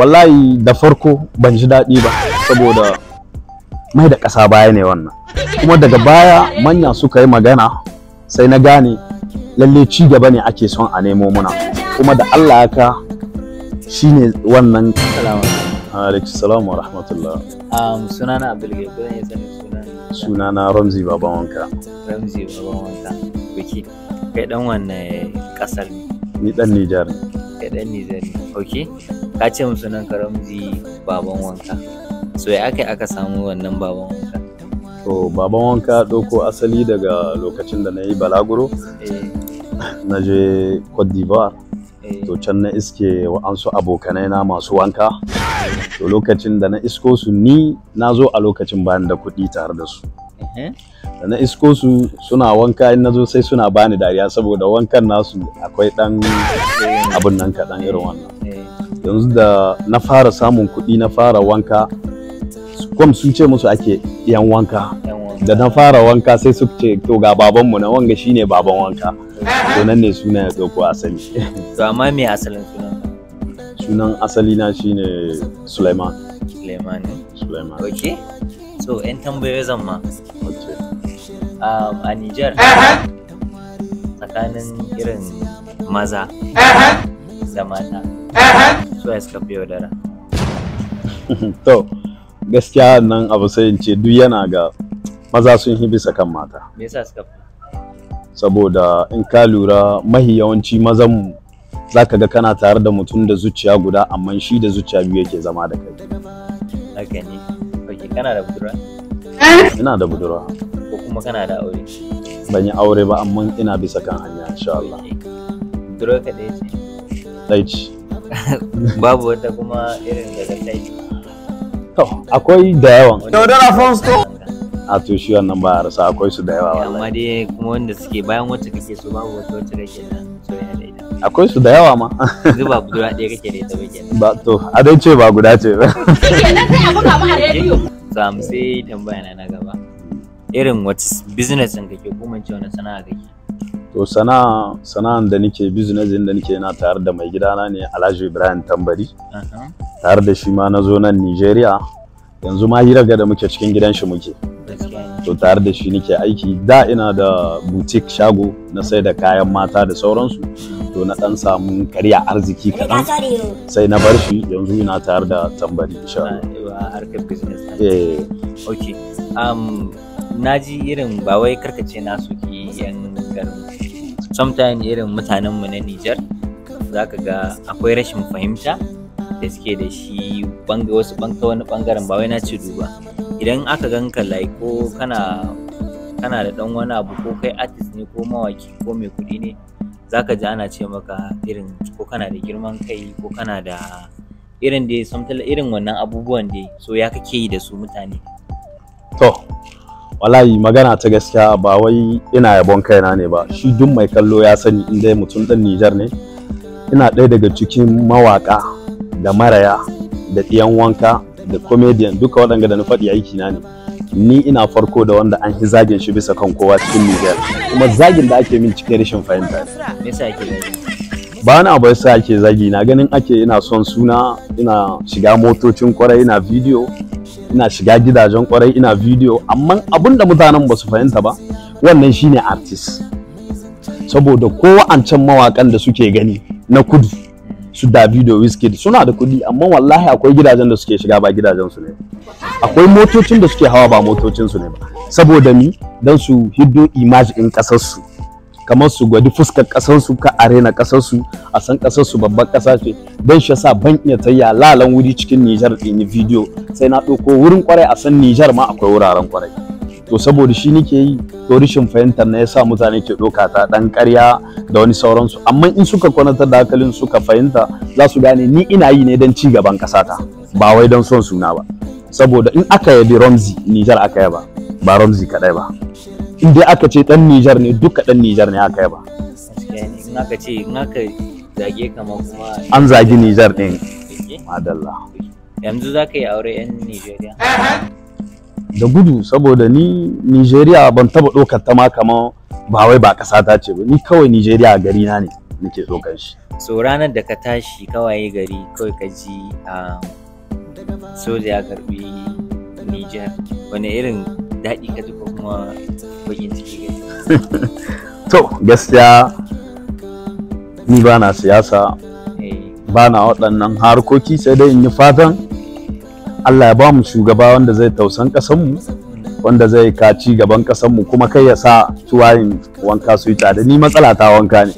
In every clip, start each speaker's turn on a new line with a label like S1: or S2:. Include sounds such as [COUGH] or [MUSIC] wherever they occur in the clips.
S1: wallahi da farko ban ji daɗi ba saboda mai da ƙasa baya ne wannan kuma daga baya manya suka yi magana sai na gane lalle ci gaba ne ake son a nemo muna kuma da Allah ya ka shine wannan alaikum salam wa rahmatullah
S2: um, sunana abdul gaibran ya sani sunana
S1: sunana ramzi baban wanka ramzi baban wanka biki kai dan
S2: wannan kasar
S1: ni dan nijar ne
S2: kai dan nijar ne okay ka ce musu
S1: nan karamji baban wanka so ya aka aka samu wannan baban wanka to baban wanka ɗauko asali daga lokacin da na yi balaguro eh. na je cote d'ivoire eh. to can na iske wa'ansu abokanai na masu wanka to lokacin da na isko su ni na zo a lokacin bayan da kuɗi tare da su da na isko su suna wanka in na zo sai suna bani dariya saboda wankan nasu akwai ɗan abun nan kaɗan irin wannan yanzu da na fara samun kuɗi na fara wanka kwam sun ce musu ake yan wanka da na fara wanka sai su ce to ga babanmu na wanga shine baban wanka to nan ne suna ya dauko asali [LAUGHS]
S2: to amma me asalin sunan
S1: sunan asali na shine Suleiman ne. Suleiman. okay
S2: so yan tambayoyi zan ma um, a Niger tsakanin irin maza da mata suwa suka fi yaudara
S1: [LAUGHS] to gaskiya nan abu sai ce duk yana ga maza sun yi bisa kan mata me yasa suka fi saboda in ka lura mahi yawanci mazan mu ka ga kana tare da mutum da zuciya guda amma shi da zuciya biyu yake zama da kai
S2: haka ne kake kana da budurwa
S1: ina da budurwa
S2: ko kuma kana da aure
S1: ban yi aure ba amma ina bisa kan hanya insha Allah
S2: budurwa ka dai ce
S1: ɗaya ce [LAUGHS] babu
S2: wata kuma irin da zan yi
S1: to akwai da yawan daudara fons a to shi wannan ba a rasa akwai su da yawa wallahi
S2: amma dai kuma wanda suke bayan wacce kake so babu wata wacce kake
S1: da soyayya da akwai su da yawa ma zuba
S2: guda ɗaya kake da ita ba kenan
S1: ba to a dai ce ba guda ce ba kenan
S2: sai a buga ma rediyo sam sai tambaya na gaba
S1: irin wata business ɗin
S2: kake ko mun ce wani sana'a kake
S1: to sana'a sana'an da nake business din da nake na tayar da mai gidana ne Alhaji Ibrahim Tambari tayar da shi ma na zo nan Nigeria yanzu ma hira ga da muke cikin gidan shi muke to tayar da shi nake aiki da ina da boutique shago na sai da kayan mata da sauransu to na dan samu karya arziki kaɗan sai na bar shi yanzu ina tayar da tambari insha Allah
S2: ah,
S1: eh. um,
S2: na ji irin ba wai karkace na su yan maganganun sometimes irin mutanen mu na Nijar za ka ga akwai rashin fahimta da suke da shi banga wasu banga wani bangaren ba wai na ci duba idan aka ganka like ko kana kana da dan wani abu ko kai artist ne ko mawaki ko mai kuɗi ne zaka ji ana ce maka irin ko kana da girman kai ko kana da irin da irin wannan abubuwan dai so ya kake yi da su mutane
S1: to wallahi magana ta gaskiya ba wai ina yabon kaina ne ba shi duk mai kallo ya sani in dai mutum dan Nijar ne ina ɗaya daga cikin mawaka da maraya da ɗiyan wanka da comedian duka waɗanda da na faɗi aiki na ne ni ina farko da wanda an zagin shi bisa kan kowa cikin Nijar kuma zagin da ake min cikin rashin fahimta ba wani abu yasa ake zagi na ganin ake ina son suna ina shiga motocin kwarai ina bidiyo ina shiga gidajen kwarai ina video amma abunda mutanen ba su fahimta ba wannan shine artist saboda ko wa'ancan mawakan da suke gani na kudu su da video Wizkid suna da kudi amma wallahi akwai gidajen da suke shiga ba gidajen su ne akwai motocin da suke hawa ba motocin su ne ba saboda ni dan su hiddo image in kasar su kamar su gwadi fuskar ƙasarsu ka arena ƙasarsu a san ƙasarsu babban kasa ce dan shi yasa ban iya tayya lalan wuri cikin Nijar ɗin yi bidiyo sai na ɗauko wurin kwarai a san Nijar ma akwai wuraren kwarai to saboda shi nake yi to rishin fahimtar na yasa mutane ke ɗaukata, ta ɗan ƙarya da wani sauransu amma in suka kwanatar da hankalin suka fahimta za su gane ni ina yi ne dan ci gaban ta, ba wai don son suna ba saboda in aka yabi Ramzi Nijar aka yaba ba Ramzi kaɗai ba in dai aka ce dan Nijar ne duka dan Nijar ne aka yaba
S2: in aka ce in aka zage kama kuma an
S1: zagi Nijar din
S2: madalla yanzu za ka yi aure yan Nijeriya
S1: da gudu saboda ni Nijeriya ban taba ɗaukar ta ma kamar ba wai ba ƙasa ta ce ba ni kawai Nijeriya gari na ne nake ɗaukar shi
S2: so ranar da ka tashi kawai gari kawai ka ji ah, soja ya karɓi Nijar wani irin daɗi ka ji ko kuma bakin ciki
S1: [LAUGHS] to gaskiya ni ba na siyasa eh. ba na waɗannan harkoki sai dai in yi fatan Allah ya ba mu shugaba wanda zai tausan ƙasanmu wanda zai kaci gaban ƙasanmu kuma kai ya sa tuwayin wanka su yi tsada ni matsala ta wanka ne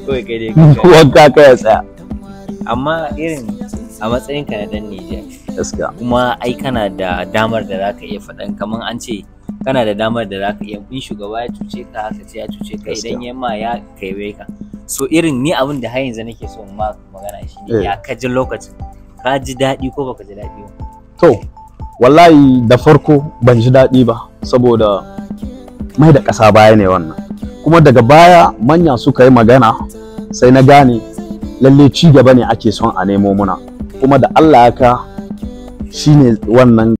S1: [LAUGHS] wanka kai ya tsaya
S2: amma irin a matsayin ka na dan Nijar kuma ai kana da damar da zaka iya faɗan kamar an ce kana da damar da zaka iya in shugaba ya cuce ka haka ya cuce ka idan ya ma ya kaiwe ka so irin ni abin da har yanzu nake so ma magana shi ne eh. ya ka ji lokacin ka ji daɗi ko baka ji daɗi
S1: ba to wallahi da farko ban ji daɗi ba saboda mai da ƙasa baya ne wannan kuma daga baya manya suka yi magana sai na gane lalle ci gaba ne ake son a nemo muna kuma da Allah ya ka shine wannan